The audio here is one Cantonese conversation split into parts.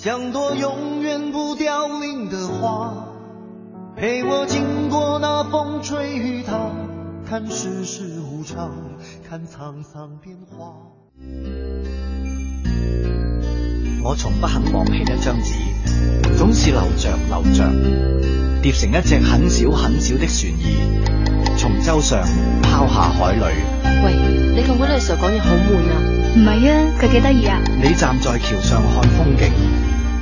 像朵永遠不凋零的花，陪我經過那風吹雨打，看世事無常，看滄桑變化。我從不肯忘棄一張紙，總是留着留着，疊成一隻很小很小的船兒，從舟上拋下海裏。喂，你同 Wilson 講嘢好悶啊？唔係啊，佢幾得意啊？你站在橋上看風景。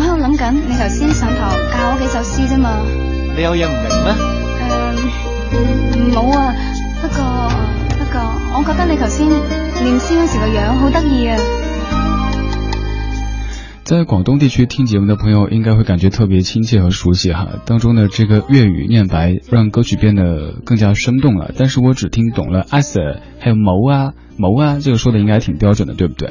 我喺度諗緊，你頭先上堂教我幾首詩啫嘛。你有嘢唔明咩？冇。呃嗯、啊，不過不過，我覺得你頭先念詩嗰時個樣好得意啊。在廣東地區聽節目的朋友應該會感覺特別親切和熟悉哈。啊，當中呢，這個粵語念白讓歌曲變得更加生動了。啊。但是我只聽懂了阿 Sir，還有冇啊冇啊，這個說的應該挺標準的，對不對？